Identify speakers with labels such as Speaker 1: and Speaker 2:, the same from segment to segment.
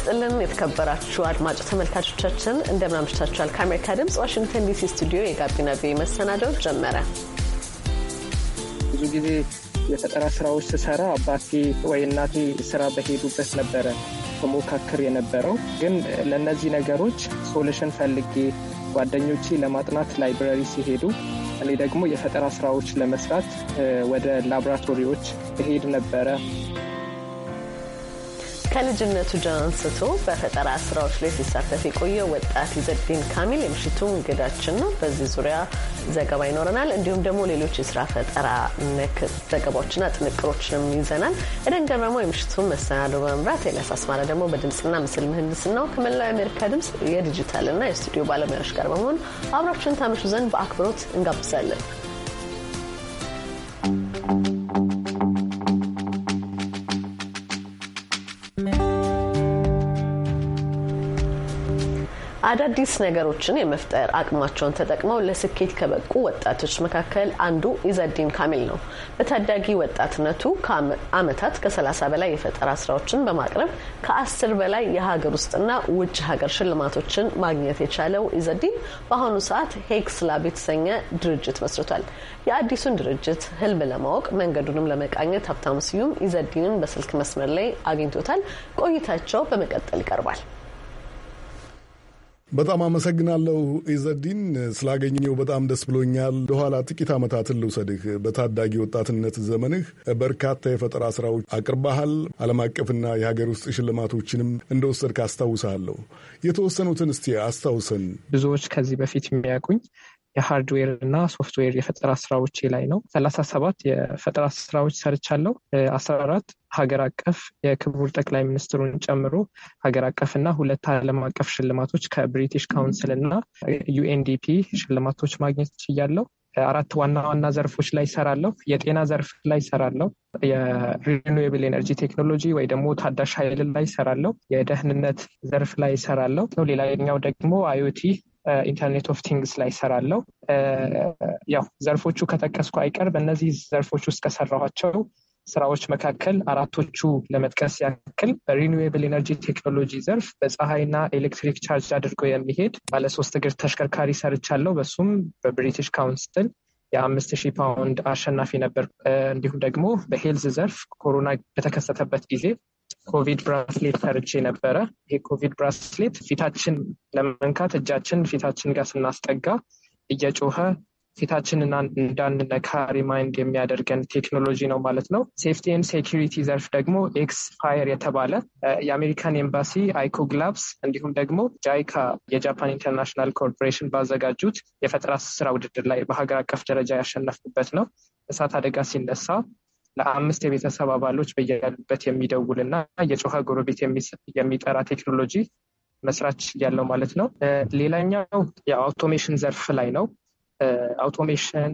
Speaker 1: ይስጥልን የተከበራችሁ አድማጭ ተመልካቾቻችን እንደምናምሽታችኋል። ከአሜሪካ ድምጽ ዋሽንግተን ዲሲ ስቱዲዮ የጋቢና ቪ
Speaker 2: መሰናደው ጀመረ። ብዙ ጊዜ የፈጠራ ስራዎች ስሰራ አባቴ ወይ እናቴ ስራ በሄዱበት ነበረ መሞካከር የነበረው። ግን ለእነዚህ ነገሮች ሶሉሽን ፈልጌ ጓደኞቼ ለማጥናት ላይብረሪ ሲሄዱ እኔ ደግሞ የፈጠራ ስራዎች ለመስራት ወደ ላቦራቶሪዎች እሄድ ነበረ።
Speaker 1: ከልጅነቱ አንስቶ በፈጠራ ስራዎች ላይ ሲሳተፍ የቆየ ወጣት ይዘዲን ካሚል የምሽቱ እንግዳችን ነው። በዚህ ዙሪያ ዘገባ ይኖረናል። እንዲሁም ደግሞ ሌሎች የስራ ፈጠራ ነክ ዘገባዎችና ጥንቅሮችንም ይዘናል። ኤደን ገረሞ የምሽቱ መሰናዶ በመምራት ኤልያስ አስማራ ደግሞ በድምፅና ምስል ምህንድስናው ከመላው የአሜሪካ ድምፅ የዲጂታልና የስቱዲዮ ባለሙያዎች ጋር በመሆን አብራችን ታመሹ ዘንድ በአክብሮት እንጋብዛለን። አዳዲስ ነገሮችን የመፍጠር አቅማቸውን ተጠቅመው ለስኬት ከበቁ ወጣቶች መካከል አንዱ ኢዘዲን ካሚል ነው። በታዳጊ ወጣትነቱ ከአመታት ከ30 በላይ የፈጠራ ስራዎችን በማቅረብ ከአስር በላይ የሀገር ውስጥና ውጭ ሀገር ሽልማቶችን ማግኘት የቻለው ኢዘዲን በአሁኑ ሰዓት ሄክስ ላብ የተሰኘ ድርጅት መስርቷል። የአዲሱን ድርጅት ህልም ለማወቅ መንገዱንም ለመቃኘት ሀብታሙ ስዩም ኢዘዲንን በስልክ መስመር ላይ አግኝቶታል። ቆይታቸው በመቀጠል ይቀርባል።
Speaker 3: በጣም አመሰግናለሁ ኢዘዲን፣ ስላገኘው በጣም ደስ ብሎኛል። ለኋላ ጥቂት ዓመታትን ልውሰድህ። በታዳጊ ወጣትነት ዘመንህ በርካታ የፈጠራ ስራዎች አቅርባሃል። ዓለም አቀፍና የሀገር ውስጥ ሽልማቶችንም እንደወሰድክ አስታውሳለሁ። የተወሰኑትን እስቲ አስታውሰን። ብዙዎች ከዚህ በፊት የሚያውቁኝ የሃርድዌር
Speaker 2: እና ሶፍትዌር የፈጠራ ስራዎች ላይ ነው። ሰላሳ ሰባት የፈጠራ ስራዎች ሰርቻለሁ። አስራ አራት ሀገር አቀፍ የክቡር ጠቅላይ ሚኒስትሩን ጨምሮ ሀገር አቀፍ እና ሁለት ዓለም አቀፍ ሽልማቶች ከብሪቲሽ ካውንስል እና ዩኤንዲፒ ሽልማቶች ማግኘት ችያለሁ። አራት ዋና ዋና ዘርፎች ላይ ይሰራለሁ። የጤና ዘርፍ ላይ ይሰራለሁ። የሪኒዌብል ኤነርጂ ቴክኖሎጂ ወይ ደግሞ ታዳሽ ኃይል ላይ ይሰራለሁ። የደህንነት ዘርፍ ላይ ይሰራለሁ። ሌላኛው ደግሞ አዮቲ ኢንተርኔት ኦፍ ቲንግስ ላይ ይሰራለው። ያው ዘርፎቹ ከጠቀስኩ አይቀር በእነዚህ ዘርፎች ውስጥ ከሰራኋቸው ስራዎች መካከል አራቶቹ ለመጥቀስ ያክል በሪኒዌብል ኤነርጂ ቴክኖሎጂ ዘርፍ በፀሐይና ኤሌክትሪክ ቻርጅ አድርጎ የሚሄድ ባለሶስት እግር ተሽከርካሪ ሰርቻለው። በሱም በብሪቲሽ ካውንስል የአምስት ሺህ ፓውንድ አሸናፊ ነበር። እንዲሁም ደግሞ በሄልዝ ዘርፍ ኮሮና በተከሰተበት ጊዜ ኮቪድ ብራስሌት ሰርቼ ነበረ። ይሄ ኮቪድ ብራስሌት ፊታችን ለመንካት እጃችን ፊታችን ጋር ስናስጠጋ እየጮኸ ፊታችን እንዳንነካ ሪማይንድ የሚያደርገን ቴክኖሎጂ ነው ማለት ነው። ሴፍቲ ኤንድ ሴኪሪቲ ዘርፍ ደግሞ ኤክስ ፋየር የተባለ የአሜሪካን ኤምባሲ ግላብስ እንዲሁም ደግሞ ጃይካ የጃፓን ኢንተርናሽናል ኮርፖሬሽን ባዘጋጁት የፈጠራ ስራ ውድድር ላይ በሀገር አቀፍ ደረጃ ያሸነፍኩበት ነው። እሳት አደጋ ሲነሳ ለአምስት የቤተሰብ አባሎች በያሉበት የሚደውልና የጮኸ ጎረቤት የሚጠራ ቴክኖሎጂ መስራች ያለው ማለት ነው። ሌላኛው የአውቶሜሽን ዘርፍ ላይ ነው። አውቶሜሽን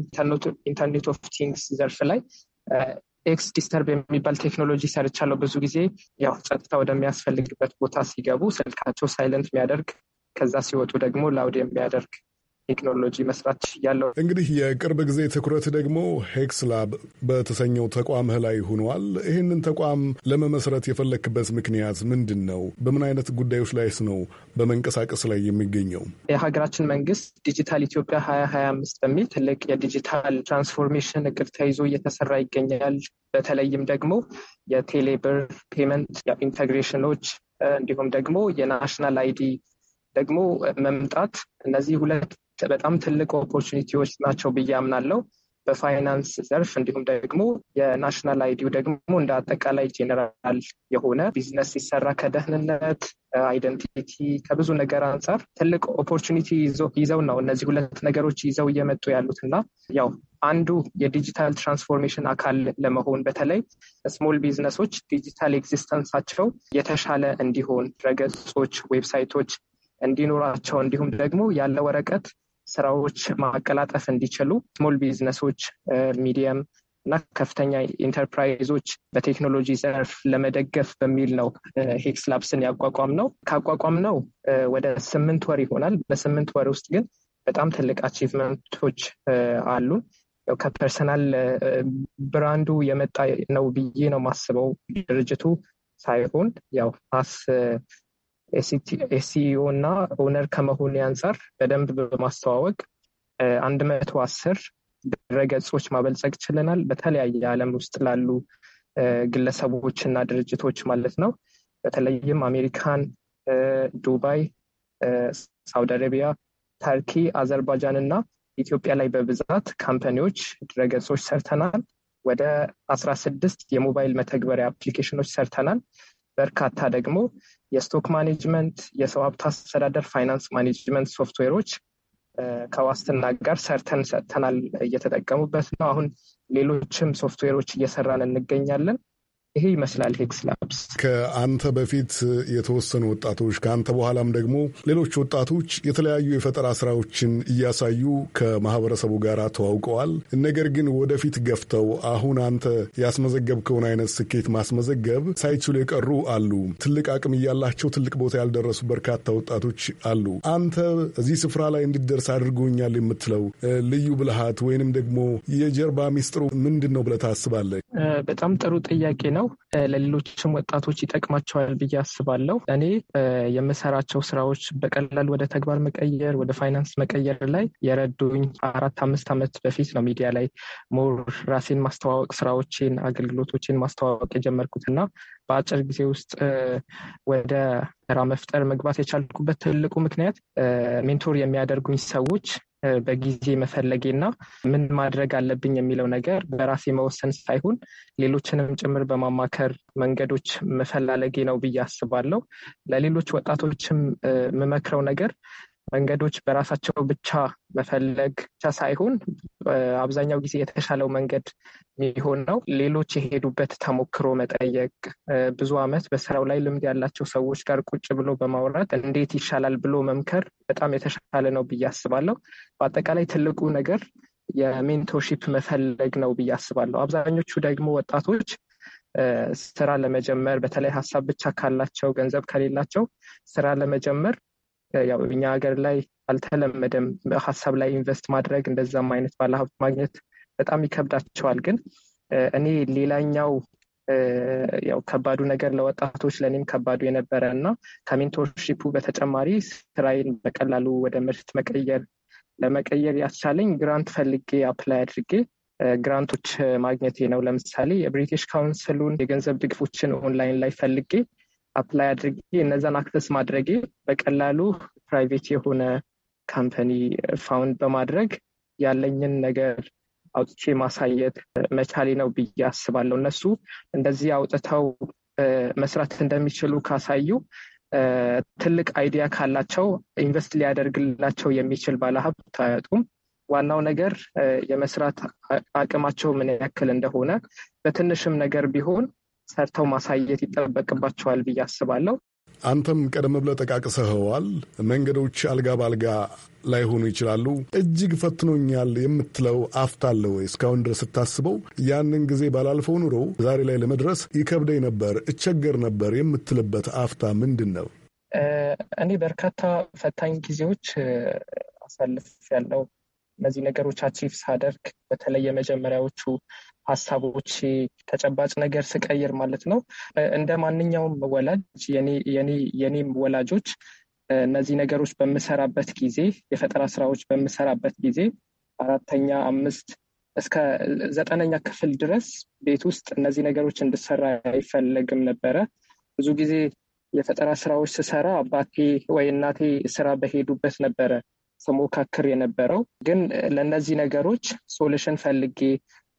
Speaker 2: ኢንተርኔት ኦፍ ቲንግስ ዘርፍ ላይ ኤክስ ዲስተርብ የሚባል ቴክኖሎጂ ሰርቻለው። ብዙ ጊዜ ያው ጸጥታ ወደሚያስፈልግበት ቦታ ሲገቡ ስልካቸው ሳይለንት የሚያደርግ ከዛ ሲወጡ ደግሞ ላውድ የሚያደርግ ቴክኖሎጂ መስራት ያለው።
Speaker 3: እንግዲህ የቅርብ ጊዜ ትኩረት ደግሞ ሄክስ ላብ በተሰኘው ተቋምህ ላይ ሆኗል። ይህንን ተቋም ለመመስረት የፈለክበት ምክንያት ምንድን ነው? በምን አይነት ጉዳዮች ላይስ ነው በመንቀሳቀስ ላይ የሚገኘው?
Speaker 2: የሀገራችን መንግስት ዲጂታል ኢትዮጵያ ሀያ ሀያ አምስት በሚል ትልቅ የዲጂታል ትራንስፎርሜሽን እቅድ ተይዞ እየተሰራ ይገኛል። በተለይም ደግሞ የቴሌብር ፔመንት ኢንተግሬሽኖች እንዲሁም ደግሞ የናሽናል አይዲ ደግሞ መምጣት እነዚህ ሁለት በጣም ትልቅ ኦፖርቹኒቲዎች ናቸው ብዬ አምናለሁ። በፋይናንስ ዘርፍ እንዲሁም ደግሞ የናሽናል አይዲው ደግሞ እንደ አጠቃላይ ጄኔራል የሆነ ቢዝነስ ሲሰራ ከደህንነት አይደንቲቲ፣ ከብዙ ነገር አንጻር ትልቅ ኦፖርቹኒቲ ይዘው ነው እነዚህ ሁለት ነገሮች ይዘው እየመጡ ያሉት እና ያው አንዱ የዲጂታል ትራንስፎርሜሽን አካል ለመሆን በተለይ ስሞል ቢዝነሶች ዲጂታል ኤግዚስተንሳቸው የተሻለ እንዲሆን ድረገጾች፣ ዌብሳይቶች እንዲኖራቸው እንዲሁም ደግሞ ያለ ወረቀት ስራዎች ማቀላጠፍ እንዲችሉ ስሞል ቢዝነሶች፣ ሚዲየም እና ከፍተኛ ኢንተርፕራይዞች በቴክኖሎጂ ዘርፍ ለመደገፍ በሚል ነው ሄክስ ላብስን ያቋቋም ነው። ካቋቋም ነው ወደ ስምንት ወር ይሆናል። በስምንት ወር ውስጥ ግን በጣም ትልቅ አቺቭመንቶች አሉን። ከፐርሰናል ብራንዱ የመጣ ነው ብዬ ነው ማስበው ድርጅቱ ሳይሆን ያው ስ ኤስሲኦ እና ኦነር ከመሆን አንጻር በደንብ በማስተዋወቅ አንድ መቶ አስር ድረገጾች ማበልጸግ ችለናል። በተለያየ ዓለም ውስጥ ላሉ ግለሰቦች እና ድርጅቶች ማለት ነው። በተለይም አሜሪካን፣ ዱባይ፣ ሳውዲ አረቢያ፣ ተርኪ፣ አዘርባጃን እና ኢትዮጵያ ላይ በብዛት ካምፓኒዎች ድረገጾች ሰርተናል። ወደ አስራ ስድስት የሞባይል መተግበሪያ አፕሊኬሽኖች ሰርተናል። በርካታ ደግሞ የስቶክ ማኔጅመንት፣ የሰው ሀብት አስተዳደር፣ ፋይናንስ ማኔጅመንት ሶፍትዌሮች ከዋስትና ጋር ሰርተን ሰጥተናል። እየተጠቀሙበት ነው። አሁን ሌሎችም ሶፍትዌሮች እየሰራን እንገኛለን።
Speaker 3: ይሄ ይመስላል ሄክስ ላብስ። ከአንተ በፊት የተወሰኑ ወጣቶች ከአንተ በኋላም ደግሞ ሌሎች ወጣቶች የተለያዩ የፈጠራ ስራዎችን እያሳዩ ከማህበረሰቡ ጋር ተዋውቀዋል። ነገር ግን ወደፊት ገፍተው አሁን አንተ ያስመዘገብከውን አይነት ስኬት ማስመዘገብ ሳይችሉ የቀሩ አሉ። ትልቅ አቅም እያላቸው ትልቅ ቦታ ያልደረሱ በርካታ ወጣቶች አሉ። አንተ እዚህ ስፍራ ላይ እንድደርስ አድርጎኛል የምትለው ልዩ ብልሃት ወይንም ደግሞ የጀርባ ሚስጥሩ ምንድን ነው ብለህ ታስባለህ?
Speaker 2: በጣም ጥሩ ጥያቄ ነው። ነው። ለሌሎችም ወጣቶች ይጠቅማቸዋል ብዬ አስባለሁ። እኔ የምሰራቸው ስራዎች በቀላል ወደ ተግባር መቀየር፣ ወደ ፋይናንስ መቀየር ላይ የረዱኝ አራት አምስት ዓመት በፊት ነው ሚዲያ ላይ ሞር ራሴን ማስተዋወቅ ስራዎቼን፣ አገልግሎቶቼን ማስተዋወቅ የጀመርኩት እና በአጭር ጊዜ ውስጥ ወደ ስራ መፍጠር መግባት የቻልኩበት ትልቁ ምክንያት ሜንቶር የሚያደርጉኝ ሰዎች በጊዜ መፈለጌና ምን ማድረግ አለብኝ የሚለው ነገር በራሴ መወሰን ሳይሆን ሌሎችንም ጭምር በማማከር መንገዶች መፈላለጌ ነው ብዬ አስባለሁ። ለሌሎች ወጣቶችም የምመክረው ነገር መንገዶች በራሳቸው ብቻ መፈለግ ብቻ ሳይሆን አብዛኛው ጊዜ የተሻለው መንገድ የሚሆን ነው። ሌሎች የሄዱበት ተሞክሮ መጠየቅ፣ ብዙ ዓመት በስራው ላይ ልምድ ያላቸው ሰዎች ጋር ቁጭ ብሎ በማውራት እንዴት ይሻላል ብሎ መምከር በጣም የተሻለ ነው ብዬ አስባለሁ። በአጠቃላይ ትልቁ ነገር የሜንቶርሺፕ መፈለግ ነው ብዬ አስባለሁ። አብዛኞቹ ደግሞ ወጣቶች ስራ ለመጀመር በተለይ ሀሳብ ብቻ ካላቸው ገንዘብ ከሌላቸው ስራ ለመጀመር ያው እኛ ሀገር ላይ አልተለመደም። ሀሳብ ላይ ኢንቨስት ማድረግ እንደዛም አይነት ባለሀብት ማግኘት በጣም ይከብዳቸዋል። ግን እኔ ሌላኛው ያው ከባዱ ነገር ለወጣቶች ለእኔም ከባዱ የነበረ እና ከሜንቶርሺፑ በተጨማሪ ስራዬን በቀላሉ ወደ ምርት መቀየር ለመቀየር ያስቻለኝ ግራንት ፈልጌ አፕላይ አድርጌ ግራንቶች ማግኘቴ ነው። ለምሳሌ የብሪቲሽ ካውንስሉን የገንዘብ ድግፎችን ኦንላይን ላይ ፈልጌ አፕላይ አድርጌ እነዛን አክሰስ ማድረጌ በቀላሉ ፕራይቬት የሆነ ካምፓኒ ፋውንድ በማድረግ ያለኝን ነገር አውጥቼ ማሳየት መቻሌ ነው ብዬ አስባለሁ። እነሱ እንደዚህ አውጥተው መስራት እንደሚችሉ ካሳዩ ትልቅ አይዲያ ካላቸው ኢንቨስት ሊያደርግላቸው የሚችል ባለሀብት አያጡም። ዋናው ነገር የመስራት አቅማቸው ምን ያክል እንደሆነ በትንሽም ነገር ቢሆን ሰርተው ማሳየት ይጠበቅባቸዋል ብዬ አስባለሁ።
Speaker 3: አንተም ቀደም ብለህ ጠቃቅሰኸዋል። መንገዶች አልጋ በአልጋ ላይሆኑ ይችላሉ። እጅግ ፈትኖኛል የምትለው አፍታ ወይ? እስካሁን ድረስ ስታስበው ያንን ጊዜ ባላልፈው ኑሮ ዛሬ ላይ ለመድረስ ይከብደኝ ነበር፣ እቸገር ነበር የምትልበት አፍታ ምንድን ነው?
Speaker 2: እኔ በርካታ ፈታኝ ጊዜዎች አሳልፍ ያለው እነዚህ ነገሮች አቺቭ ሳደርግ በተለይ የመጀመሪያዎቹ ሀሳቦች ተጨባጭ ነገር ስቀይር ማለት ነው። እንደ ማንኛውም ወላጅ የኔም ወላጆች እነዚህ ነገሮች በምሰራበት ጊዜ የፈጠራ ስራዎች በምሰራበት ጊዜ አራተኛ አምስት እስከ ዘጠነኛ ክፍል ድረስ ቤት ውስጥ እነዚህ ነገሮች እንድሰራ አይፈለግም ነበረ። ብዙ ጊዜ የፈጠራ ስራዎች ስሰራ አባቴ ወይ እናቴ ስራ በሄዱበት ነበረ ስሞካክር የነበረው። ግን ለእነዚህ ነገሮች ሶሉሽን ፈልጌ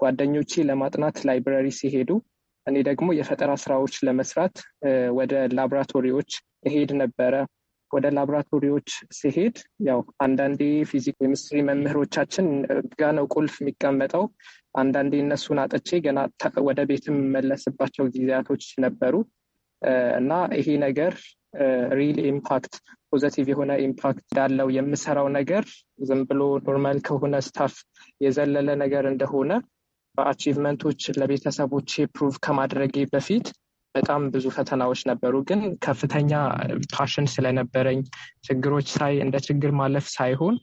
Speaker 2: ጓደኞቼ ለማጥናት ላይብረሪ ሲሄዱ እኔ ደግሞ የፈጠራ ስራዎች ለመስራት ወደ ላብራቶሪዎች እሄድ ነበረ። ወደ ላብራቶሪዎች ሲሄድ ያው አንዳንዴ ፊዚክ ኬሚስትሪ መምህሮቻችን ጋ ነው ቁልፍ የሚቀመጠው። አንዳንዴ እነሱን አጥቼ ገና ወደ ቤት የምመለስባቸው ጊዜያቶች ነበሩ እና ይሄ ነገር ሪል ኢምፓክት ፖዘቲቭ የሆነ ኢምፓክት እንዳለው የምሰራው ነገር ዝም ብሎ ኖርማል ከሆነ ስታፍ የዘለለ ነገር እንደሆነ አቺቭመንቶች ለቤተሰቦቼ ፕሩቭ ከማድረጌ በፊት በጣም ብዙ ፈተናዎች ነበሩ። ግን ከፍተኛ ፓሽን ስለነበረኝ ችግሮች ሳይ እንደ ችግር ማለፍ ሳይሆን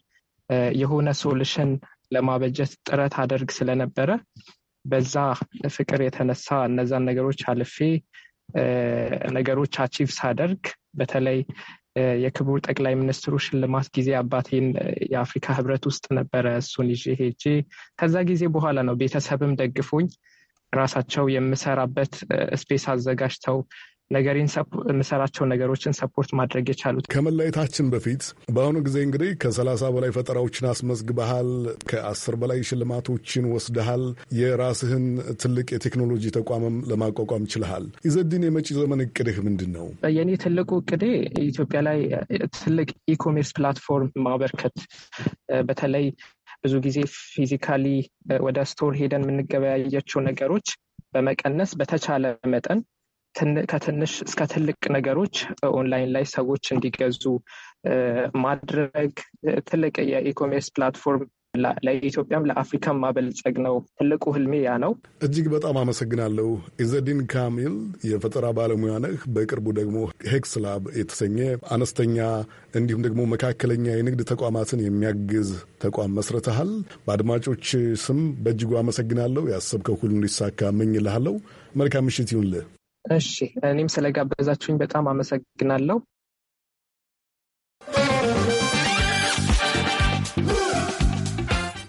Speaker 2: የሆነ ሶሉሽን ለማበጀት ጥረት አደርግ ስለነበረ በዛ ፍቅር የተነሳ እነዛን ነገሮች አልፌ ነገሮች አቺቭ ሳደርግ በተለይ የክቡር ጠቅላይ ሚኒስትሩ ሽልማት ጊዜ አባቴን የአፍሪካ ህብረት ውስጥ ነበረ እሱን ይዤ ሄጄ ከዛ ጊዜ በኋላ ነው ቤተሰብም ደግፎኝ ራሳቸው የምሰራበት
Speaker 3: ስፔስ አዘጋጅተው ነገሬን የምሰራቸውን ነገሮችን ሰፖርት ማድረግ የቻሉት። ከመለየታችን በፊት በአሁኑ ጊዜ እንግዲህ ከሰላሳ በላይ ፈጠራዎችን አስመዝግበሃል። ከአስር በላይ ሽልማቶችን ወስደሃል። የራስህን ትልቅ የቴክኖሎጂ ተቋምም ለማቋቋም ችልሃል። ይዘድን የመጪ ዘመን እቅድህ ምንድን ነው?
Speaker 2: የእኔ ትልቁ እቅዴ ኢትዮጵያ ላይ ትልቅ ኢኮሜርስ ፕላትፎርም ማበርከት በተለይ ብዙ ጊዜ ፊዚካሊ ወደ ስቶር ሄደን የምንገበያያቸው ነገሮች በመቀነስ በተቻለ መጠን ከትንሽ እስከ ትልቅ ነገሮች ኦንላይን ላይ ሰዎች እንዲገዙ ማድረግ ትልቅ የኢኮሜርስ ፕላትፎርም ለኢትዮጵያም ለአፍሪካም ማበልጸግ ነው።
Speaker 3: ትልቁ ህልሜ ያ ነው። እጅግ በጣም አመሰግናለሁ። ኢዘዲን ካሚል የፈጠራ ባለሙያ ነህ። በቅርቡ ደግሞ ሄክስላብ የተሰኘ አነስተኛ እንዲሁም ደግሞ መካከለኛ የንግድ ተቋማትን የሚያግዝ ተቋም መስርተሃል። በአድማጮች ስም በእጅጉ አመሰግናለሁ። ያሰብከው ሁሉ እንዲሳካ እመኝልሃለሁ። መልካም ምሽት ይሁንልህ።
Speaker 2: እሺ እኔም ስለጋበዛችሁኝ በጣም አመሰግናለሁ።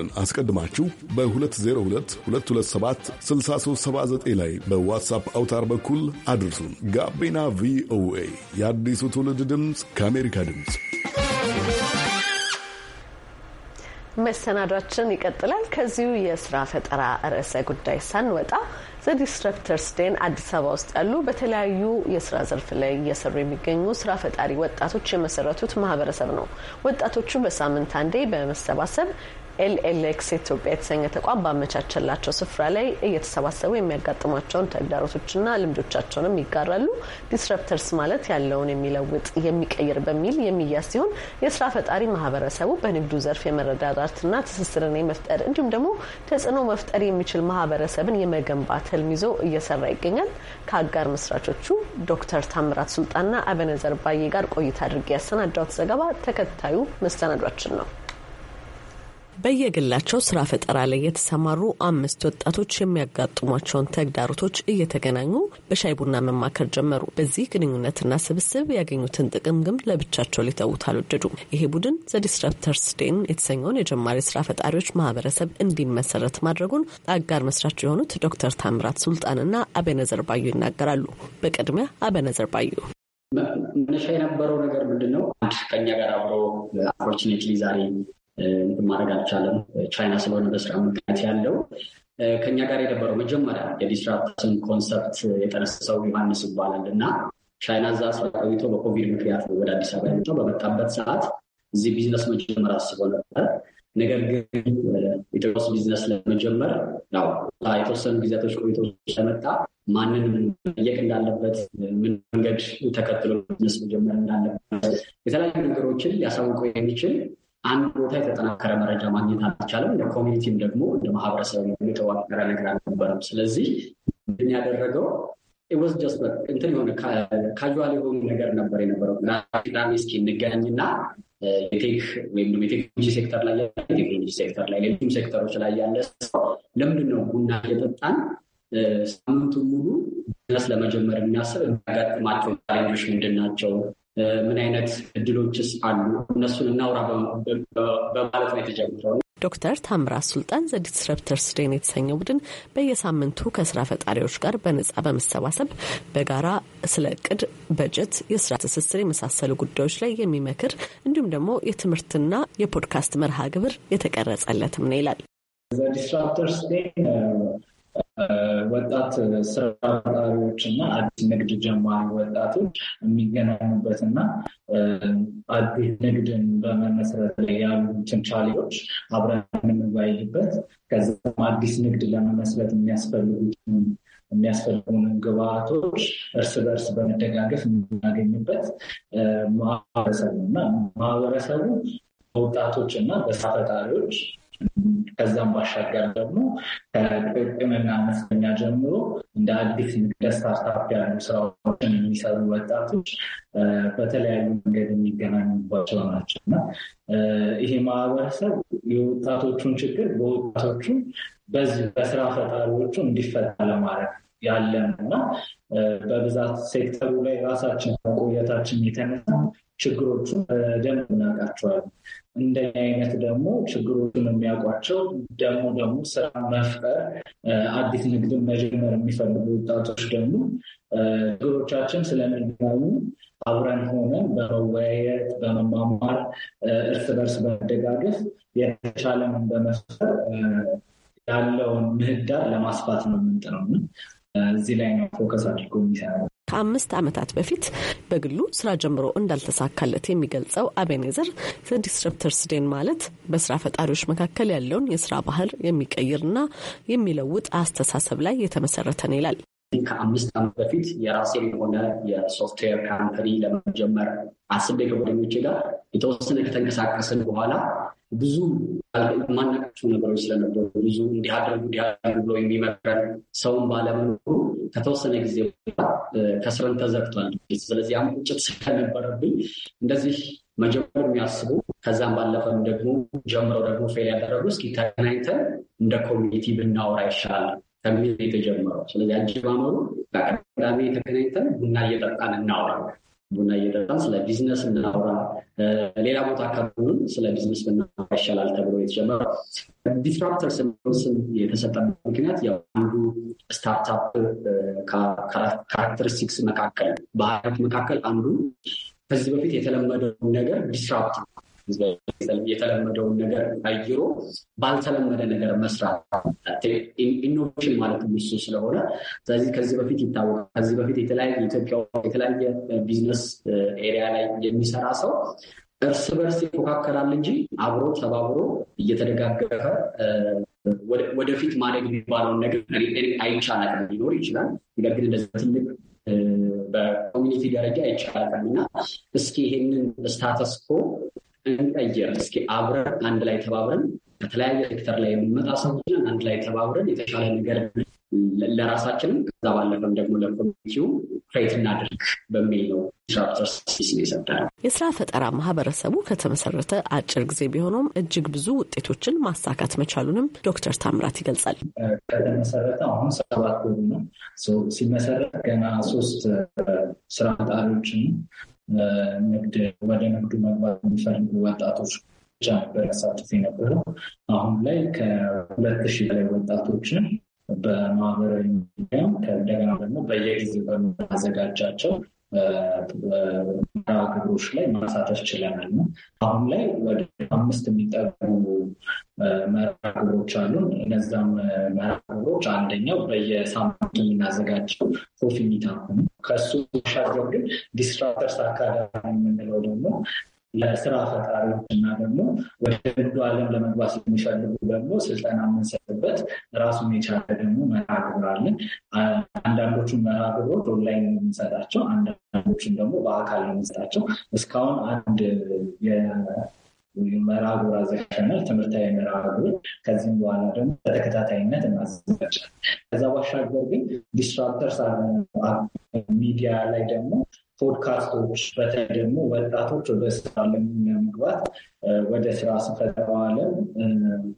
Speaker 3: ቁጥርን አስቀድማችሁ በ2022276379 ላይ በዋትሳፕ አውታር በኩል አድርሱን። ጋቢና ቪኦኤ የአዲሱ ትውልድ ድምፅ ከአሜሪካ ድምፅ
Speaker 1: መሰናዷችን ይቀጥላል። ከዚሁ የስራ ፈጠራ ርዕሰ ጉዳይ ሳንወጣ ዘዲስረፕተርስ ዴን አዲስ አበባ ውስጥ ያሉ በተለያዩ የስራ ዘርፍ ላይ እየሰሩ የሚገኙ ስራ ፈጣሪ ወጣቶች የመሰረቱት ማህበረሰብ ነው። ወጣቶቹ በሳምንት አንዴ በመሰባሰብ ኤልኤልኤክስ ኢትዮጵያ የተሰኘ ተቋም ባመቻቸላቸው ስፍራ ላይ እየተሰባሰቡ የሚያጋጥሟቸውን ተግዳሮቶችና ልምዶቻቸውንም ይጋራሉ። ዲስረፕተርስ ማለት ያለውን የሚለውጥ የሚቀይር በሚል የሚያዝ ሲሆን የስራ ፈጣሪ ማህበረሰቡ በንግዱ ዘርፍ የመረዳዳትና ትስስርን የመፍጠር እንዲሁም ደግሞ ተጽዕኖ መፍጠር የሚችል ማህበረሰብን የመገንባት ህልም ይዞ እየሰራ ይገኛል። ከአጋር መስራቾቹ ዶክተር ታምራት ሱልጣንና አበነዘር ባዬ ጋር ቆይታ አድርጌ ያሰናዳሁት ዘገባ ተከታዩ መሰናዷችን ነው። በየግላቸው ስራ ፈጠራ ላይ የተሰማሩ አምስት ወጣቶች የሚያጋጥሟቸውን ተግዳሮቶች እየተገናኙ በሻይ ቡና መማከር ጀመሩ። በዚህ ግንኙነትና ስብስብ ያገኙትን ጥቅም ግን ለብቻቸው ሊተዉት አልወደዱም። ይሄ ቡድን ዘዲስራፕተርስ ዴን የተሰኘውን የጀማሪ ስራ ፈጣሪዎች ማህበረሰብ እንዲመሰረት ማድረጉን አጋር መስራች የሆኑት ዶክተር ታምራት ሱልጣንና አቤነዘር ባዩ ይናገራሉ። በቅድሚያ አቤነዘር ባዩ
Speaker 4: መነሻ የነበረው ነገር ምንድን ነው? አንድ ከኛ ጋር አብሮ ኦፖርቹኒቲ ዛሬ ማድረግ አልቻለም። ቻይና ስለሆነ በስራ ምክንያት ያለው ከኛ ጋር የነበረው መጀመሪያ የዲስራፕሽን ኮንሰፕት የጠነሰሰው ዮሐንስ ይባላል እና ቻይና እዛ ስራ ቆይቶ በኮቪድ ምክንያት ወደ አዲስ አበባ የመጣው በመጣበት ሰዓት እዚህ ቢዝነስ መጀመር አስቦ ነበር። ነገር ግን ኢትዮጵያ ውስጥ ቢዝነስ ለመጀመር ያው የተወሰኑ ጊዜያቶች ቆይቶ ስለመጣ ማንን መጠየቅ እንዳለበት፣ ምን መንገድ ተከትሎ ቢዝነስ መጀመር እንዳለበት የተለያዩ ነገሮችን ሊያሳውቀው የሚችል አንድ ቦታ የተጠናከረ መረጃ ማግኘት አልቻለም። እንደ ኮሚኒቲም ደግሞ እንደ ማህበረሰብ የተዋቀረ ነገር አልነበረም። ስለዚህ ምን ያደረገው ወስ ጀስት እንትን የሆነ ካዋል የሆኑ ነገር ነበር የነበረው። ቅዳሜ እስኪ እንገናኝና የቴክ ወይም ደግሞ የቴክኖሎጂ ሴክተር ላይ ያለ ቴክኖሎጂ ሴክተር ላይ ሌሎችም ሴክተሮች ላይ ያለ ሰው ለምንድን ነው ቡና እየጠጣን ሳምንቱ ሙሉ ቢዝነስ ለመጀመር የሚያስብ የሚያጋጥማቸው ቻሌንጆች ምንድን ናቸው? ምን አይነት እድሎችስ አሉ እነሱን እናውራ በማለት ነው የተጀመረው።
Speaker 1: ዶክተር ታምራ ሱልጣን ዘዲስረፕተርስ ዴን የተሰኘው ቡድን በየሳምንቱ ከስራ ፈጣሪዎች ጋር በነጻ በመሰባሰብ በጋራ ስለ እቅድ፣ በጀት፣ የስራ ትስስር የመሳሰሉ ጉዳዮች ላይ የሚመክር እንዲሁም ደግሞ የትምህርትና የፖድካስት መርሃ ግብር የተቀረጸለትም ነው ይላል።
Speaker 5: ዘዲስራፕተርስ ዴይ ወጣት ስራ ፈጣሪዎች እና አዲስ ንግድ ጀማሪ ወጣቶች የሚገናኙበት እና አዲስ ንግድን በመመስረት ላይ ያሉትን ቻሌዎች አብረን የምንወያይበት ከዚም አዲስ ንግድ ለመመስረት የሚያስፈልጉትን የሚያስፈልጉንን ግብአቶች እርስ በእርስ በመደጋገፍ የምናገኝበት ማህበረሰቡ እና ማህበረሰቡ በወጣቶች እና በስራ ፈጣሪዎች ከዛም ባሻገር ደግሞ ከቅጥቅምና አነስተኛ ጀምሮ እንደ አዲስ ንግደ ስታርታፕ ያሉ ስራዎችን የሚሰሩ ወጣቶች በተለያዩ መንገድ የሚገናኙባቸው ናቸው እና ይሄ ማህበረሰብ የወጣቶቹን ችግር በወጣቶቹ በዚህ በስራ ፈጣሪዎቹ እንዲፈታ ለማድረግ ያለን እና በብዛት ሴክተሩ ላይ ራሳችን መቆየታችን የተነሳ ችግሮቹን በደንብ እናውቃቸዋለን። እንደ አይነት ደግሞ ችግሮችን የሚያውቋቸው ደግሞ ደግሞ ስራ መፍጠር አዲስ ንግድን መጀመር የሚፈልጉ ወጣቶች ደግሞ ችግሮቻችን ስለሚገኙ አብረን ሆነን በመወያየት በመማማር እርስ በርስ በመደጋገፍ የተቻለንን በመፍጠር ያለውን ምህዳር ለማስፋት ነው የምንጥረው። እዚህ ላይ ነው ፎከስ አድርጎ የሚሰራ።
Speaker 1: ከአምስት ዓመታት በፊት በግሉ ስራ ጀምሮ እንዳልተሳካለት የሚገልጸው አቤኔዘር ዲስረፕተርስ ዴን ማለት በስራ ፈጣሪዎች መካከል ያለውን የስራ ባህል የሚቀይርና የሚለውጥ አስተሳሰብ ላይ የተመሰረተ ነው ይላል። ከአምስት ዓመት በፊት
Speaker 4: የራሴን የሆነ የሶፍትዌር ካምፕኒ ለመጀመር አስቤ ከጓደኞቼ ጋር የተወሰነ ከተንቀሳቀስን በኋላ ብዙ የማናቃቸው ነገሮች ስለነበሩ ብዙ እንዲያደርጉ እንዲያደርጉ ብሎ የሚመክረን ሰውን ባለመኖሩ ከተወሰነ ጊዜ ከስረን ተዘግቷል። ስለዚህ ያም ቁጭት ስለነበረብኝ እንደዚህ መጀመር የሚያስቡ ከዛም ባለፈም ደግሞ ጀምረው ደግሞ ፌል ያደረጉ እስኪ ተገናኝተን እንደ ኮሚኒቲ ብናወራ ይሻላል ከሚል የተጀመረው። ስለዚህ አጀማመሩ በቀዳሚ የተገናኝተን ቡና እየጠጣን እናወራለን። ቡና እየጠጣን ስለ ቢዝነስ እናውራ፣ ሌላ ቦታ አካባቢውን ስለ ቢዝነስ ብናወራ ይሻላል ተብሎ የተጀመረው። ዲስራፕተርስ ስም የተሰጠበት ምክንያት ያው አንዱ ስታርታፕ ካራክተሪስቲክስ መካከል ባህሪያት መካከል አንዱ ከዚህ በፊት የተለመደውን ነገር ዲስራፕት የተለመደውን ነገር አይሮ ባልተለመደ ነገር መስራት ኢኖቬሽን ማለት እሱ ስለሆነ ስለዚህ ከዚህ በፊት ይታወቃል። ከዚህ በፊት የተለያየ ኢትዮጵያ የተለያየ ቢዝነስ ኤሪያ ላይ የሚሰራ ሰው እርስ በርስ ይፎካከራል እንጂ አብሮ ተባብሮ እየተደጋገፈ ወደፊት ማድረግ የሚባለውን ነገር አይቻላል። ሊኖር ይችላል። ነገር ግን እንደዚህ ትልቅ በኮሚኒቲ ደረጃ አይቻላል እና እስኪ ይሄንን ስታተስኮ እንቀይር እስኪ አብረን አንድ ላይ ተባብረን በተለያየ ሴክተር ላይ የምንመጣ ሰዎች አንድ ላይ ተባብረን የተሻለ ነገር ለራሳችንም ከዛ ባለፈም ደግሞ ለኮሚኒቲው ክሬት እናድርግ በሚል ነው።
Speaker 1: የስራ ፈጠራ ማህበረሰቡ ከተመሰረተ አጭር ጊዜ ቢሆኖም እጅግ ብዙ ውጤቶችን ማሳካት መቻሉንም ዶክተር ታምራት ይገልጻል።
Speaker 5: ከተመሰረተ አሁን ሰባት ወሩ ነው። ሲመሰረት ገና ሶስት ስራ ፈጣሪዎችን ንግድ ወደ ንግዱ መግባት የሚፈልጉ ወጣቶች ብቻ ነበር ያሳትፍ የነበረው። አሁን ላይ ከሁለት ሺህ በላይ ወጣቶችን በማህበራዊ ሚዲያም ከእንደገና ደግሞ በየጊዜው በምናዘጋጃቸው መርሃ ግብሮች ላይ ማሳተፍ ችለናል እና አሁን ላይ ወደ አምስት የሚጠጉ መርሃ ግብሮች አሉን። እነዛም መርሃ ግብሮች አንደኛው በየሳምንቱ የምናዘጋጀው ኮፊ ሚታ ከሱ ሻገር ግን ዲስትራክተርስ አካዳሚ የምንለው ደግሞ ለስራ ፈጣሪዎች እና ደግሞ ወደ ንግዱ ዓለም ለመግባት የሚፈልጉ ደግሞ ስልጠና የምንሰጥበት ራሱን የቻለ ደግሞ መርሃ ግብር አለን። አንዳንዶቹን መርሃ ኦንላይን የምንሰጣቸው፣ አንዳንዶቹን ደግሞ በአካል የምንሰጣቸው። እስካሁን አንድ መርሃ ግብር አዘጋጅተናል፣ ትምህርታዊ መርሃ ከዚህም በኋላ ደግሞ በተከታታይነት እናዘጋጃለን። ከዛ ባሻገር ግን ዲስራፕተርስ ሚዲያ ላይ ደግሞ ፖድካስቶች በተለይ ደግሞ ወጣቶች ወደ ስራ ለመግባት ወደ ስራ ስፈጠረው ዓለም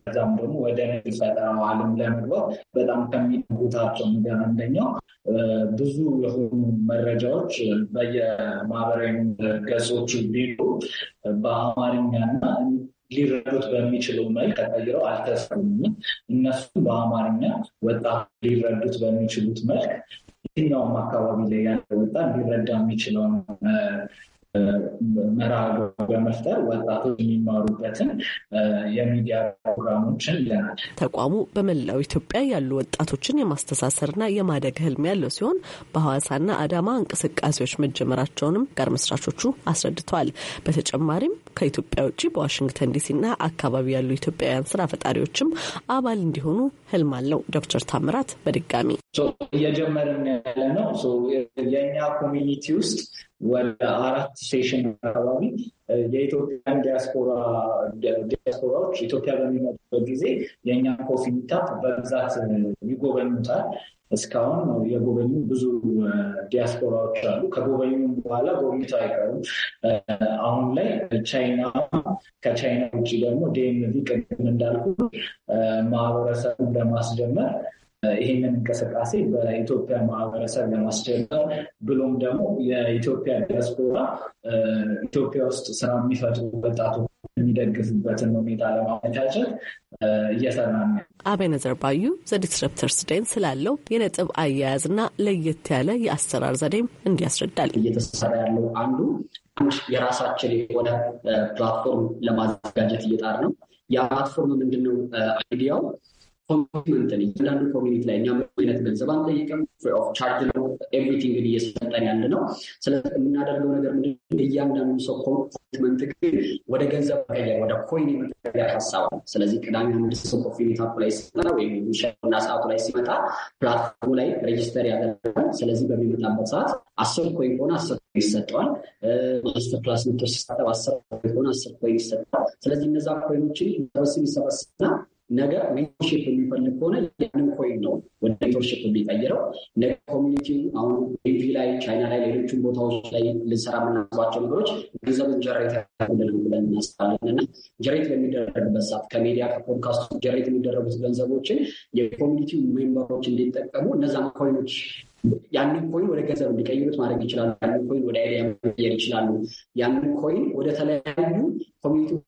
Speaker 5: ከዛም ደግሞ ወደ ንግድ ፈጠረው ዓለም ለመግባት በጣም ከሚጉታቸው ነገር አንደኛው ብዙ የሆኑ መረጃዎች በየማህበራዊ ገጾች ቢሉ በአማርኛና ሊረዱት በሚችለው መልክ ተቀይረው አልተሰሩም። እነሱም በአማርኛ ወጣት ሊረዱት በሚችሉት መልክ የትኛውም አካባቢ ላይ ያለ ወጣት ሊረዳ የሚችለውን መርሃ በመፍጠር ወጣቶች የሚማሩበትን የሚዲያ ፕሮግራሞችን ይለናል።
Speaker 1: ተቋሙ በመላው ኢትዮጵያ ያሉ ወጣቶችን የማስተሳሰርና የማደግ ህልም ያለው ሲሆን በሐዋሳና አዳማ እንቅስቃሴዎች መጀመራቸውንም ጋር መስራቾቹ አስረድተዋል። በተጨማሪም ከኢትዮጵያ ውጭ በዋሽንግተን ዲሲና አካባቢ ያሉ ኢትዮጵያውያን ስራ ፈጣሪዎችም አባል እንዲሆኑ ህልም አለው። ዶክተር ታምራት በድጋሚ እየጀመርን
Speaker 5: ያለ ነው የእኛ ኮሚኒቲ ውስጥ ወደ አራት ሴሽን አካባቢ የኢትዮጵያን ዲያስፖራ ዲያስፖራዎች ኢትዮጵያ በሚመጡበት ጊዜ የእኛ ኮፊ ሚታፕ በብዛት ይጎበኙታል። እስካሁን የጎበኙ ብዙ ዲያስፖራዎች አሉ። ከጎበኙም በኋላ ጎብኝተው አይቀሩም። አሁን ላይ ቻይና፣ ከቻይና ውጭ ደግሞ ዴምቪ ቅድም እንዳልኩ ማህበረሰቡን ለማስጀመር ይህንን እንቅስቃሴ በኢትዮጵያ ማህበረሰብ ለማስጀመር ብሎም ደግሞ የኢትዮጵያ ዲያስፖራ ኢትዮጵያ ውስጥ ስራ የሚፈጥሩ ወጣቱ የሚደግፍበትን ሁኔታ ለማመቻቸት እየሰራ ነው።
Speaker 1: አቤነዘር ባዩ ዘዲስረፕተርስ ስደን ስላለው የነጥብ አያያዝ አያያዝና ለየት ያለ የአሰራር ዘዴም እንዲያስረዳል። እየተሰራ
Speaker 4: ያለው አንዱ አንድ የራሳችን የሆነ ፕላትፎርም ለማዘጋጀት እየጣር ነው። የፕላትፎርም ምንድነው አይዲያው ኮሚትመንትን እያንዳንዱ ኮሚኒቲ ላይ እኛ ምንም አይነት ገንዘብ አንጠይቅም። ፍሪ ኦፍ ቻርጅ ነው። ኤቭሪቲንግ እየሰጠን ያለ ነው። ስለዚህ የምናደርገው ነገር ምንድን እያንዳንዱ ሰው ኮሚትመንት ግን ወደ ገንዘብ መቀየር ወደ ኮይን የመቀየር ሀሳብ ነው። ስለዚህ ቅዳሜ አንድ ሰው ኮፊ ሜታፑ ላይ ሲመጣ ወይም ሸና ሰዓቱ ላይ ሲመጣ ፕላትፎርሙ ላይ ሬጅስተር ያደርጋል። ስለዚህ በሚመጣበት ሰዓት አስር ኮይን ከሆነ አስር ኮይን ይሰጠዋል። ማስተር ክላስ መቶ ሲሳተፍ አስር ኮይን ከሆነ አስር ኮይን ይሰጠዋል። ስለዚህ እነዛ ኮይኖችን ሰበስብ ይሰበስብና ነገ ሜንቶርሺፕ የሚፈልግ ከሆነ ያንን ኮይን ነው ወደ ሜንቶርሺፕ የሚቀይረው። ነገ ኮሚኒቲው አሁን ቪ ላይ ቻይና ላይ ሌሎችን ቦታዎች ላይ ልንሰራ የምናስባቸው ነገሮች ገንዘቡን ጀሬት ያደርጉልን ብለን እናስባለን እና ጀሬት በሚደረግበት ሰዓት ከሜዲያ ከፖድካስቱ ጀሬት የሚደረጉት ገንዘቦችን የኮሚኒቲ ሜምበሮች እንዲጠቀሙ እነዛም ኮይኖች ያንን ኮይን ወደ ገንዘብ እንዲቀይሩት ማድረግ ይችላሉ። ያንን ኮይን ወደ አይዲያ መቀየር ይችላሉ። ያንን ኮይን ወደ ተለያዩ ኮሚኒቲ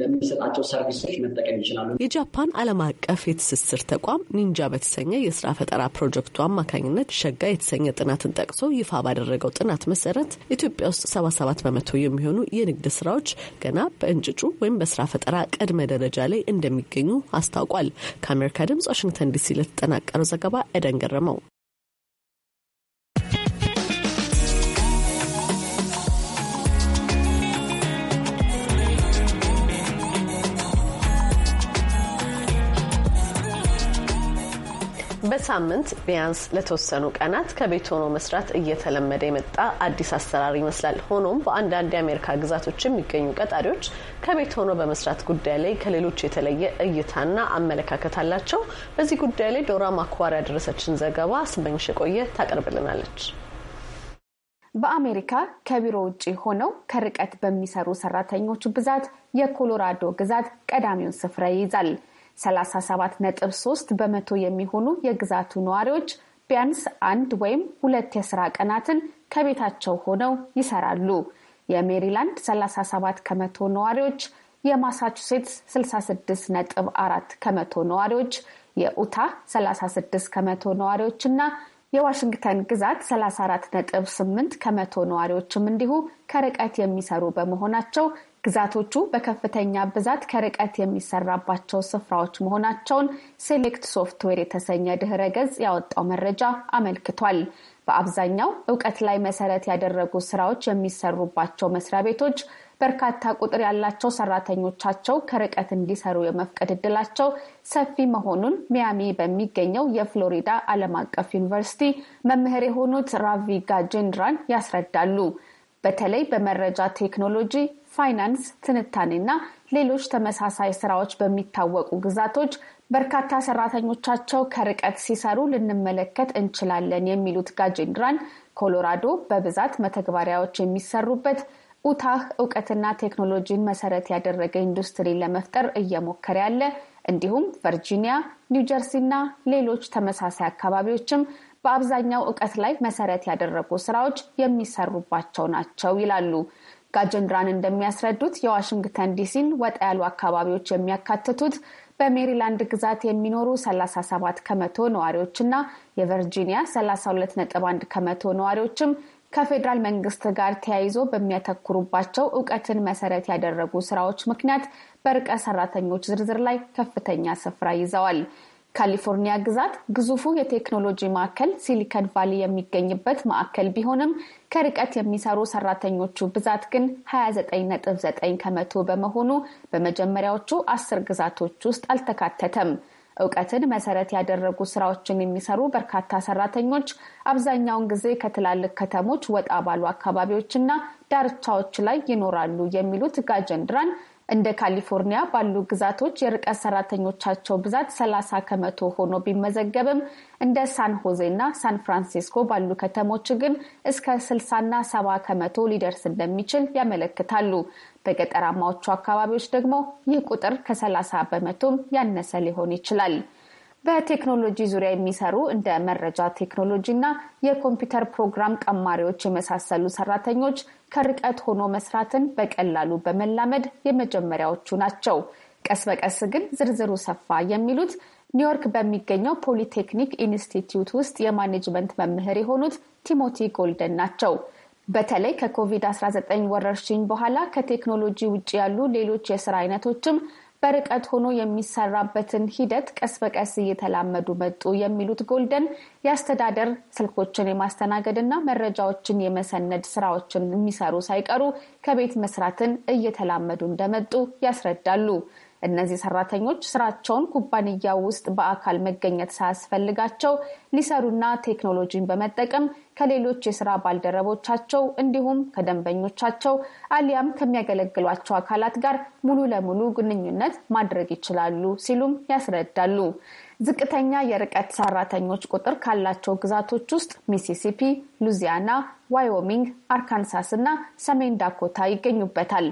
Speaker 4: ለሚሰጣቸው ሰርቪሶች መጠቀም ይችላሉ።
Speaker 1: የጃፓን ዓለም አቀፍ የትስስር ተቋም ኒንጃ በተሰኘ የስራ ፈጠራ ፕሮጀክቱ አማካኝነት ሸጋ የተሰኘ ጥናትን ጠቅሶ ይፋ ባደረገው ጥናት መሰረት ኢትዮጵያ ውስጥ 77 በመቶ የሚሆኑ የንግድ ስራዎች ገና በእንጭጩ ወይም በስራ ፈጠራ ቅድመ ደረጃ ላይ እንደሚገኙ አስታውቋል። ከአሜሪካ ድምጽ ዋሽንግተን ዲሲ ለተጠናቀረው ዘገባ ኤደን ገረመው ሳምንት ቢያንስ ለተወሰኑ ቀናት ከቤት ሆኖ መስራት እየተለመደ የመጣ አዲስ አሰራር ይመስላል። ሆኖም በአንዳንድ የአሜሪካ ግዛቶች የሚገኙ ቀጣሪዎች ከቤት ሆኖ በመስራት ጉዳይ ላይ ከሌሎች የተለየ እይታና አመለካከት አላቸው። በዚህ ጉዳይ ላይ ዶራ ማኳር ያደረሰችን ዘገባ ስመኝሽ ቆየ ታቀርብልናለች።
Speaker 6: በአሜሪካ ከቢሮ ውጭ ሆነው ከርቀት በሚሰሩ ሰራተኞች ብዛት የኮሎራዶ ግዛት ቀዳሚውን ስፍራ ይይዛል። 37.3 በመቶ የሚሆኑ የግዛቱ ነዋሪዎች ቢያንስ አንድ ወይም ሁለት የስራ ቀናትን ከቤታቸው ሆነው ይሰራሉ። የሜሪላንድ 37 ከመቶ ነዋሪዎች፣ የማሳቹሴትስ 66.4 ከመቶ ነዋሪዎች፣ የኡታ 36 ከመቶ ነዋሪዎች እና የዋሽንግተን ግዛት 34.8 ከመቶ ነዋሪዎችም እንዲሁ ከርቀት የሚሰሩ በመሆናቸው ግዛቶቹ በከፍተኛ ብዛት ከርቀት የሚሰራባቸው ስፍራዎች መሆናቸውን ሴሌክት ሶፍትዌር የተሰኘ ድህረ ገጽ ያወጣው መረጃ አመልክቷል። በአብዛኛው እውቀት ላይ መሰረት ያደረጉ ስራዎች የሚሰሩባቸው መስሪያ ቤቶች በርካታ ቁጥር ያላቸው ሰራተኞቻቸው ከርቀት እንዲሰሩ የመፍቀድ እድላቸው ሰፊ መሆኑን ሚያሚ በሚገኘው የፍሎሪዳ ዓለም አቀፍ ዩኒቨርሲቲ መምህር የሆኑት ራቪ ጋጀንድራን ያስረዳሉ። በተለይ በመረጃ ቴክኖሎጂ ፋይናንስ፣ ትንታኔና ሌሎች ተመሳሳይ ስራዎች በሚታወቁ ግዛቶች በርካታ ሰራተኞቻቸው ከርቀት ሲሰሩ ልንመለከት እንችላለን የሚሉት ጋጀንድራን ኮሎራዶ በብዛት መተግበሪያዎች የሚሰሩበት ኡታህ እውቀትና ቴክኖሎጂን መሰረት ያደረገ ኢንዱስትሪ ለመፍጠር እየሞከረ ያለ እንዲሁም ቨርጂኒያ፣ ኒውጀርሲ እና ሌሎች ተመሳሳይ አካባቢዎችም በአብዛኛው እውቀት ላይ መሰረት ያደረጉ ስራዎች የሚሰሩባቸው ናቸው ይላሉ። ጋጀንድራን እንደሚያስረዱት የዋሽንግተን ዲሲን ወጣ ያሉ አካባቢዎች የሚያካትቱት በሜሪላንድ ግዛት የሚኖሩ 37 ከመቶ ነዋሪዎችና የቨርጂኒያ 32.1 ከመቶ ነዋሪዎችም ከፌዴራል መንግስት ጋር ተያይዞ በሚያተኩሩባቸው እውቀትን መሰረት ያደረጉ ስራዎች ምክንያት በርቀ ሰራተኞች ዝርዝር ላይ ከፍተኛ ስፍራ ይዘዋል። ካሊፎርኒያ ግዛት ግዙፉ የቴክኖሎጂ ማዕከል ሲሊከን ቫሊ የሚገኝበት ማዕከል ቢሆንም ከርቀት የሚሰሩ ሰራተኞቹ ብዛት ግን 29.9 ከመቶ በመሆኑ በመጀመሪያዎቹ አስር ግዛቶች ውስጥ አልተካተተም። እውቀትን መሰረት ያደረጉ ስራዎችን የሚሰሩ በርካታ ሰራተኞች አብዛኛውን ጊዜ ከትላልቅ ከተሞች ወጣ ባሉ አካባቢዎችና ዳርቻዎች ላይ ይኖራሉ የሚሉት ጋጀንድራን እንደ ካሊፎርኒያ ባሉ ግዛቶች የርቀት ሰራተኞቻቸው ብዛት 30 ከመቶ ሆኖ ቢመዘገብም እንደ ሳን ሆዜ እና ሳን ፍራንሲስኮ ባሉ ከተሞች ግን እስከ 60ና 70 ከመቶ ሊደርስ እንደሚችል ያመለክታሉ። በገጠራማዎቹ አካባቢዎች ደግሞ ይህ ቁጥር ከ30 በመቶም ያነሰ ሊሆን ይችላል። በቴክኖሎጂ ዙሪያ የሚሰሩ እንደ መረጃ ቴክኖሎጂ እና የኮምፒውተር ፕሮግራም ቀማሪዎች የመሳሰሉ ሰራተኞች ከርቀት ሆኖ መስራትን በቀላሉ በመላመድ የመጀመሪያዎቹ ናቸው። ቀስ በቀስ ግን ዝርዝሩ ሰፋ የሚሉት ኒውዮርክ በሚገኘው ፖሊቴክኒክ ኢንስቲትዩት ውስጥ የማኔጅመንት መምህር የሆኑት ቲሞቲ ጎልደን ናቸው። በተለይ ከኮቪድ-19 ወረርሽኝ በኋላ ከቴክኖሎጂ ውጭ ያሉ ሌሎች የስራ አይነቶችም በርቀት ሆኖ የሚሰራበትን ሂደት ቀስ በቀስ እየተላመዱ መጡ የሚሉት ጎልደን የአስተዳደር ስልኮችን የማስተናገድ እና መረጃዎችን የመሰነድ ስራዎችን የሚሰሩ ሳይቀሩ ከቤት መስራትን እየተላመዱ እንደመጡ ያስረዳሉ። እነዚህ ሰራተኞች ስራቸውን ኩባንያ ውስጥ በአካል መገኘት ሳያስፈልጋቸው ሊሰሩና ቴክኖሎጂን በመጠቀም ከሌሎች የስራ ባልደረቦቻቸው እንዲሁም ከደንበኞቻቸው አሊያም ከሚያገለግሏቸው አካላት ጋር ሙሉ ለሙሉ ግንኙነት ማድረግ ይችላሉ ሲሉም ያስረዳሉ። ዝቅተኛ የርቀት ሰራተኞች ቁጥር ካላቸው ግዛቶች ውስጥ ሚሲሲፒ፣ ሉዚያና፣ ዋዮሚንግ፣ አርካንሳስ እና ሰሜን ዳኮታ ይገኙበታል።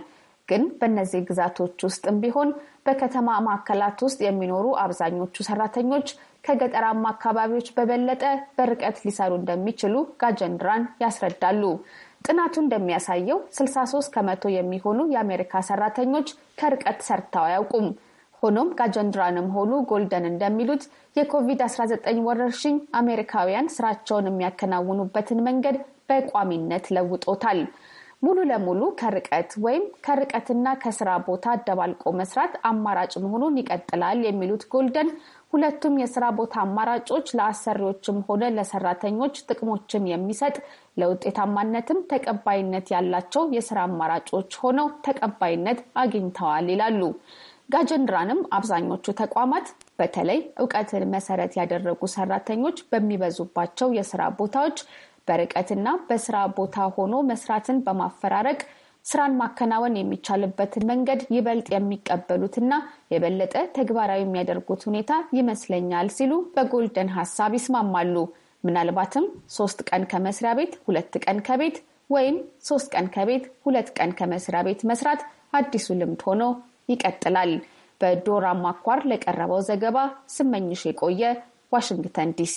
Speaker 6: ግን በእነዚህ ግዛቶች ውስጥም ቢሆን በከተማ ማዕከላት ውስጥ የሚኖሩ አብዛኞቹ ሰራተኞች ከገጠራማ አካባቢዎች በበለጠ በርቀት ሊሰሩ እንደሚችሉ ጋጀንድራን ያስረዳሉ። ጥናቱ እንደሚያሳየው 63 ከመቶ የሚሆኑ የአሜሪካ ሰራተኞች ከርቀት ሰርተው አያውቁም። ሆኖም ጋጀንድራንም ሆኑ ጎልደን እንደሚሉት የኮቪድ-19 ወረርሽኝ አሜሪካውያን ስራቸውን የሚያከናውኑበትን መንገድ በቋሚነት ለውጦታል። ሙሉ ለሙሉ ከርቀት ወይም ከርቀትና ከስራ ቦታ አደባልቆ መስራት አማራጭ መሆኑን ይቀጥላል የሚሉት ጎልደን ሁለቱም የስራ ቦታ አማራጮች ለአሰሪዎችም ሆነ ለሰራተኞች ጥቅሞችን የሚሰጥ ለውጤታማነትም ተቀባይነት ያላቸው የስራ አማራጮች ሆነው ተቀባይነት አግኝተዋል ይላሉ። ጋጀንድራንም አብዛኞቹ ተቋማት በተለይ እውቀትን መሰረት ያደረጉ ሰራተኞች በሚበዙባቸው የስራ ቦታዎች በርቀትና በስራ ቦታ ሆኖ መስራትን በማፈራረቅ ስራን ማከናወን የሚቻልበትን መንገድ ይበልጥ የሚቀበሉትና የበለጠ ተግባራዊ የሚያደርጉት ሁኔታ ይመስለኛል ሲሉ በጎልደን ሀሳብ ይስማማሉ። ምናልባትም ሶስት ቀን ከመስሪያ ቤት ሁለት ቀን ከቤት ወይም ሶስት ቀን ከቤት ሁለት ቀን ከመስሪያ ቤት መስራት አዲሱ ልምድ ሆኖ ይቀጥላል። በዶራ ማኳር ለቀረበው ዘገባ ስመኝሽ የቆየ ዋሽንግተን ዲሲ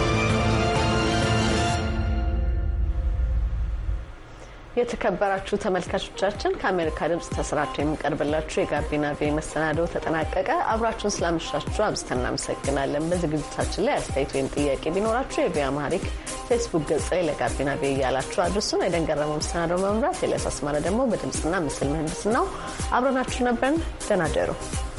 Speaker 6: የተከበራችሁ
Speaker 1: ተመልካቾቻችን ከአሜሪካ ድምፅ ተሰራቸው የሚቀርብላችሁ የጋቢና ቪ መሰናደው ተጠናቀቀ። አብራችሁን ስላመሻችሁ አብዝተን እናመሰግናለን። በዝግጅታችን ላይ አስተያየት ወይም ጥያቄ ቢኖራችሁ የቪ አማሪክ ፌስቡክ ገጽ ላይ ለጋቢና ቪ እያላችሁ አድርሱን። የደንገረመው መሰናደው መምራት የለስ አስማረ ደግሞ በድምፅና ምስል ምህንድስና ነው። አብረናችሁ ነበርን። ደህና ደሩ።